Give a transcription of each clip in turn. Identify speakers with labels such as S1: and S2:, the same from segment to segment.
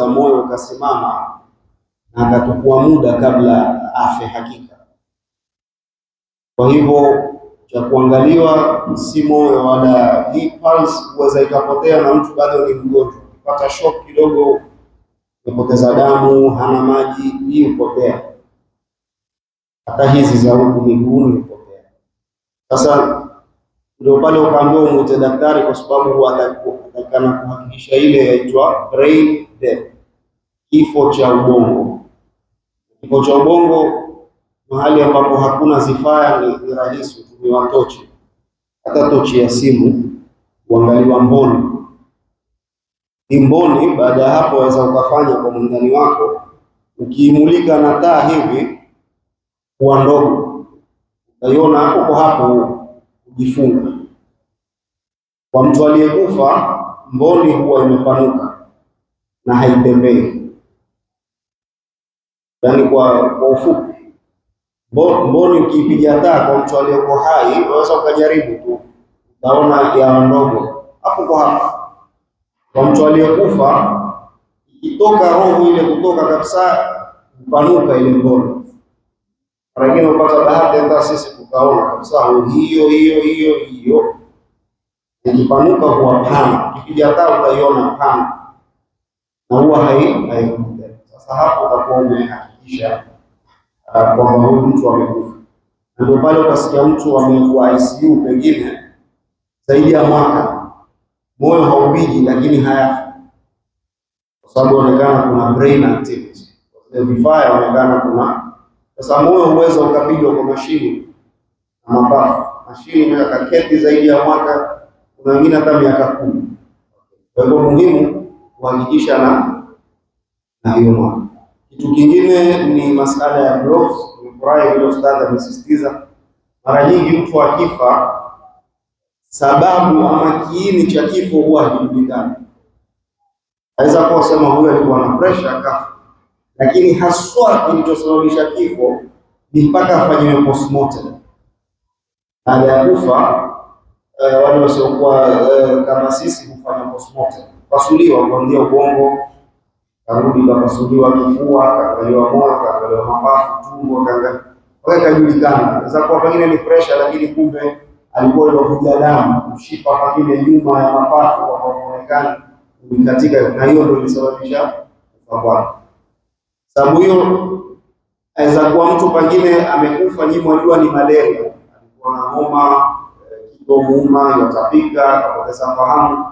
S1: za moyo ukasimama, na akatukua muda kabla afe hakika. Kwa hivyo cha kuangaliwa si moyo wala pulse, huweza ikapotea na mtu bado ni mgonjwa, kupata shock kidogo, amepoteza damu, hana maji, hii hupotea. Hata hizi za huku miguuni hupotea. Sasa ndio pale ukaambiwa umwite daktari, kwa sababu huwa atakana kuhakikisha ile yaitwa brain death kifo cha ubongo. Kifo cha ubongo, mahali ambapo hakuna zifaya, ni, ni rahisi hutumiwa tochi, hata tochi ya simu huangaliwa mboni. Ni mboni, baada ya hapo waweza ukafanya kwa mwandani wako, ukiimulika na taa hivi kuwa ndogo, utaiona hapo kwa hapo kujifunga. Kwa mtu aliyekufa mboni huwa imepanuka na haitembei. Yaani kwa kwa ufupi, mboni ukiipiga taa kwa mtu aliyoko hai, unaweza ukajaribu tu, naona ya ndogo hapo kwa hapo. Kwa mtu aliyekufa, ikitoka roho ile kutoka kabisa, upanuka ile mboni. Mara nyingine upata bahati hata sisi tukaona kabisa, oh, hiyo hiyo hiyo hiyo ikipanuka kuwa pana, ukipiga taa utaiona pana na huwa hai Sasa hapo utakuwa ume kuhakikisha ah, kwamba huyu mtu amekufa. Ndio pale ukasikia mtu amekuwa ICU pengine zaidi ya mwaka, moyo haupigi, lakini haya kwa sababu inaonekana kuna brain activity, vifaa inaonekana kuna. Sasa moyo huweza ukapigwa kwa mashini na mapafu, mashini inaweza kaketi zaidi ya mwaka, kuna wengine hata miaka kumi. Kwa hivyo muhimu kuhakikisha na na hiyo mwaka kitu kingine ni masala ya gloves. Nimefurahi vile ustadhi amesisitiza. Mara nyingi mtu akifa, sababu ama kiini cha kifo huwa hakijulikani. Aweza kuwa sema huyo alikuwa na pressure akafa, lakini haswa kilichosababisha kifo ni mpaka afanyiwe postmortem. Baada ya kufa eh, wale wasiokuwa eh, kama sisi hufanya postmortem, pasuliwa kuanzia ubongo karudi kapasuliwa kifua, kakaliwa moyo, kakaliwa mapafu, tumbo, kwa kajulikana. Sasa kwa pengine ni pressure, lakini kumbe alikuwa ndio kuja damu mshipa pengine nyuma ya mapafu kwa ulikatika, na hiyo ndio ilisababisha kufa kwake. Sababu hiyo aweza kuwa mtu pengine amekufa nyuma, jua ni malaria, alikuwa na homa, eh, kito muuma, yatapika, kapoteza fahamu,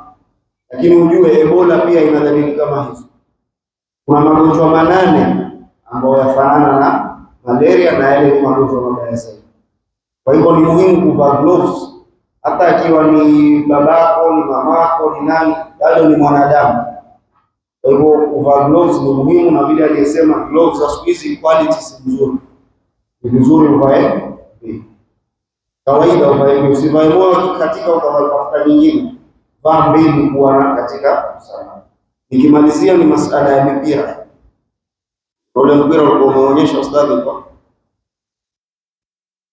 S1: lakini ujue Ebola pia ina dalili kama hizo. Kuna magonjwa manane ambayo yafanana na malaria na yale ni magonjwa mabaya zaidi. Kwa hivyo ni muhimu kuvaa gloves, hata akiwa ni babako, ni mamako, ni nani, bado ni mwanadamu. Kwa hivyo kuvaa gloves ni muhimu, na vile aliyesema gloves za siku hizi quality si nzuri, ni vizuri uvae kawaida, uvae usivae moja katika ukavaa nyingine, vaa mbili kuwa katika usalama. Nikimalizia ni masala ya mipira. Ule mpira ulikuwa umeonyesha ustadhi kwa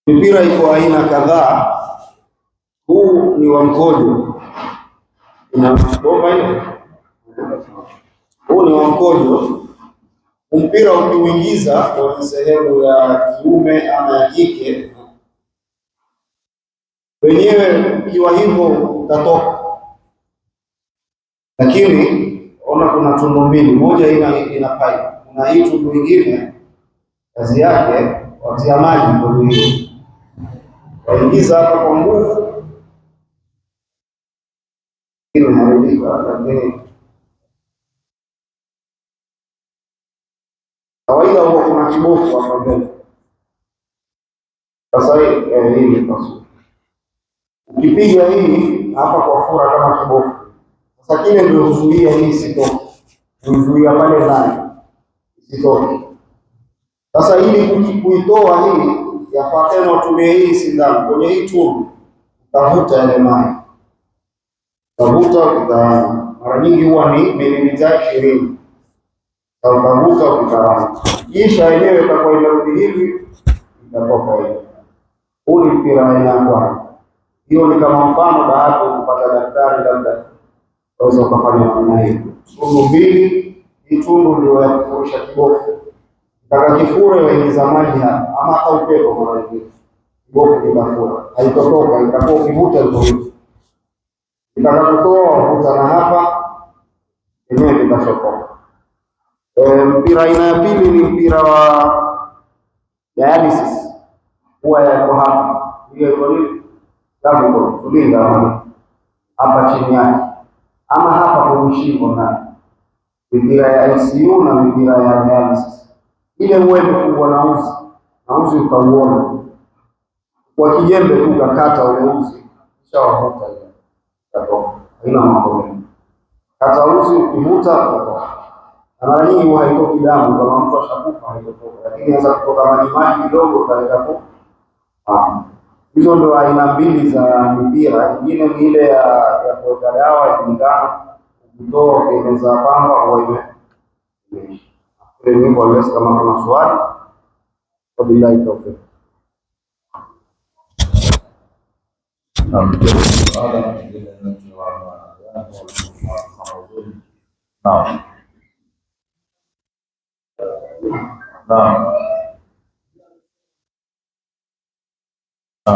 S1: mipira iko aina kadhaa. Huu ni wa mkojo, una bomba hiyo. Huu ni wa mkojo. Mpira ukiuingiza kwenye sehemu ya kiume ama ya kike, wenyewe ukiwa hivyo utatoka, lakini Ona, kuna tundu mbili, moja ina ina pipe, kuna hii tundu nyingine kazi yake watia maji kwenye hiyo, waingiza hapa kwa nguvu, ile inaharibika, lakini kawaida huwa kuna kibofu hapa mbele. Sasa hii eh, ni pasuka, ukipiga hii hapa kwa fura kama kibofu Sakina ndio huzuia hii isitoke, huzuia pale ndani isitoke. Sasa ili kuitoa hii, yafatena utumie hii sindano kwenye hii tundu, utavuta yale maji, utavuta utaana. Mara nyingi huwa ni milimita ishirini, utavuta utaana, kisha yenyewe itakuwa inarudi hivi, itatoka hivi. Huu ni mpira aina ya kwanza. Hiyo ni kama mfano baada ya kupata daktari waweza kufanya namna hii. Tundu mbili, hii tundu ndio ya kufurisha kibofu, Taka kifure waingiza maji hapa, ama hata upepo mara nyingi kibofu kitafura, haitotoka, itakuwa ukivuta itovuta, itakapotoa wavuta na hapa yenyewe E, Mpira aina ya pili ni mpira wa dialysis, huwa yako hapa, hiyo iko nini, damu tulinda hapa chini yake ama hapa kwenye shingo na mipira ya ICU na mipira ya dialysis ile uwepo kubwa na uzi na uzi ukauona kwa kijembe tu kakata ule uzi ushawavuta utatoka, haina mambo mengi. Kata uzi ukivuta utatoka, na mara nyingi huwa haitoki damu kama mtu ashakufa haitotoka, lakini inaweza kutoka maji maji kidogo utaweza ku Hizo ndo aina mbili za mipira. Ingine ni ile ya ya kuweka dawa ya sindano, ukitoa pamba kwamba huwa ime ile nyimbo alesi. Kama kuna swali, wabillahi tawfiq. Naam. Naam. ああ。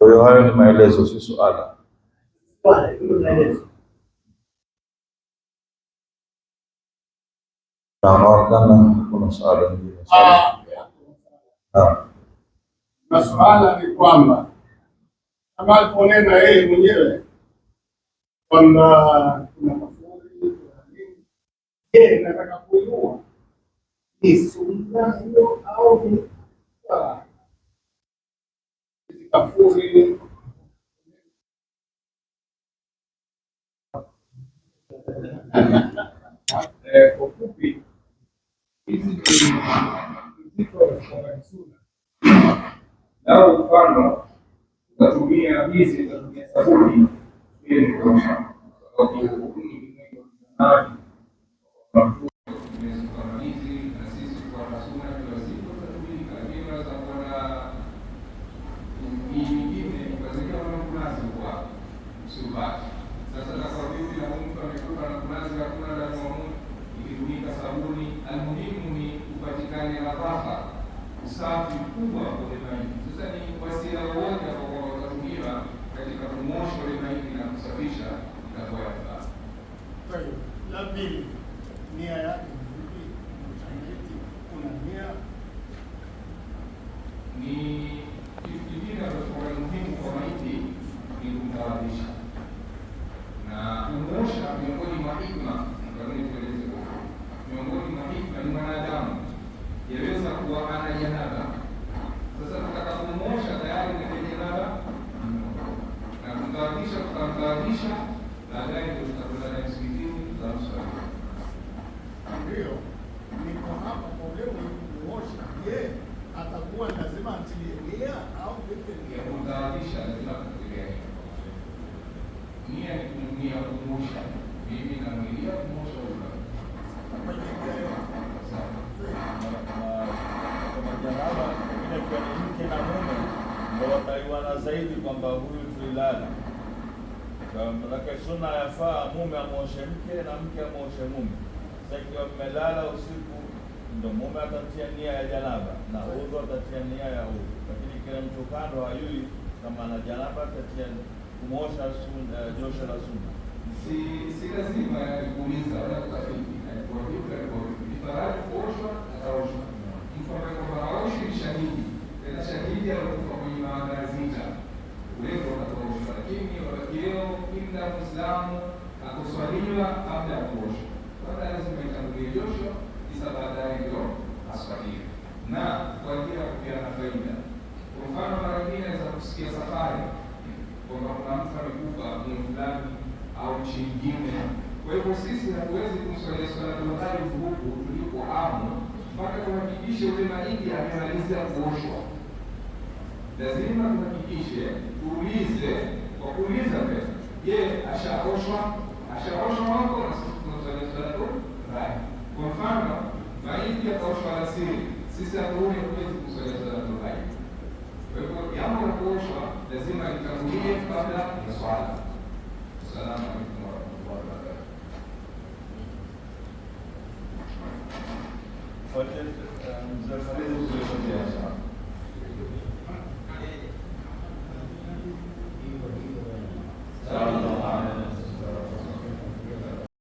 S1: Kwa hiyo hayo ni maelezo, si suala. Naonekana kuna suala lingine. Ah. Ah. Na suala ni kwamba kama aliponena yeye mwenyewe kwamba kuna kafuri, je, nataka kuinua ni sunna hiyo au ni É, kwa ufupi é ni ziko não é nao mfano utatumia hizi utatumia sabuni ili nitosha
S2: back zaidi kwamba huyu tuilala aka sunna yafaa mume amwoshe mke na mke amwoshe mume. Sasa ikiwa mmelala usiku, ndio mume atatia nia ya janaba na udhu atatia nia ya udhu, lakini kila mtu kando hayui kama na janaba atatia kumwosha eh, josho la sunna.
S3: Si si lazima kuuliza wala kutafiti, kwa hivyo ni faradhi kuoshwa, ataoshwa mtu ambaye kwamba haoshi shahidi tena shahidi kuwagazika urembo utakaoshwa, lakini wakileo kila Muislamu akuswaliwa kabla ya kuoshwa. Kwanza lazima itangulie josho, kisa baadaye ndio aswaliwe, na kwa ajili ya kupeana faida. Kwa mfano, mara nyingine za kusikia safari kwamba kuna mtu amekufa mji fulani au nchi nyingine. Kwa hivyo sisi hatuwezi kumswalia swala tafadhali huku tulipo amu mpaka tuhakikishe ule maiti amemaliza kuoshwa lazima tuhakikishe tuulize, kwa kuuliza pesa, je, ashaoshwa ashaoshwa wako na tunasalisalatu rai. Kwa mfano, maiti yakaoshwa alasiri, sisi haturudi kuwezi kusali rai. Kwa hivyo jambo la kuoshwa lazima litangulie kabla ya swala. Salamu alaykum warahmatullahi wabarakatuh. Eh, mzee Farid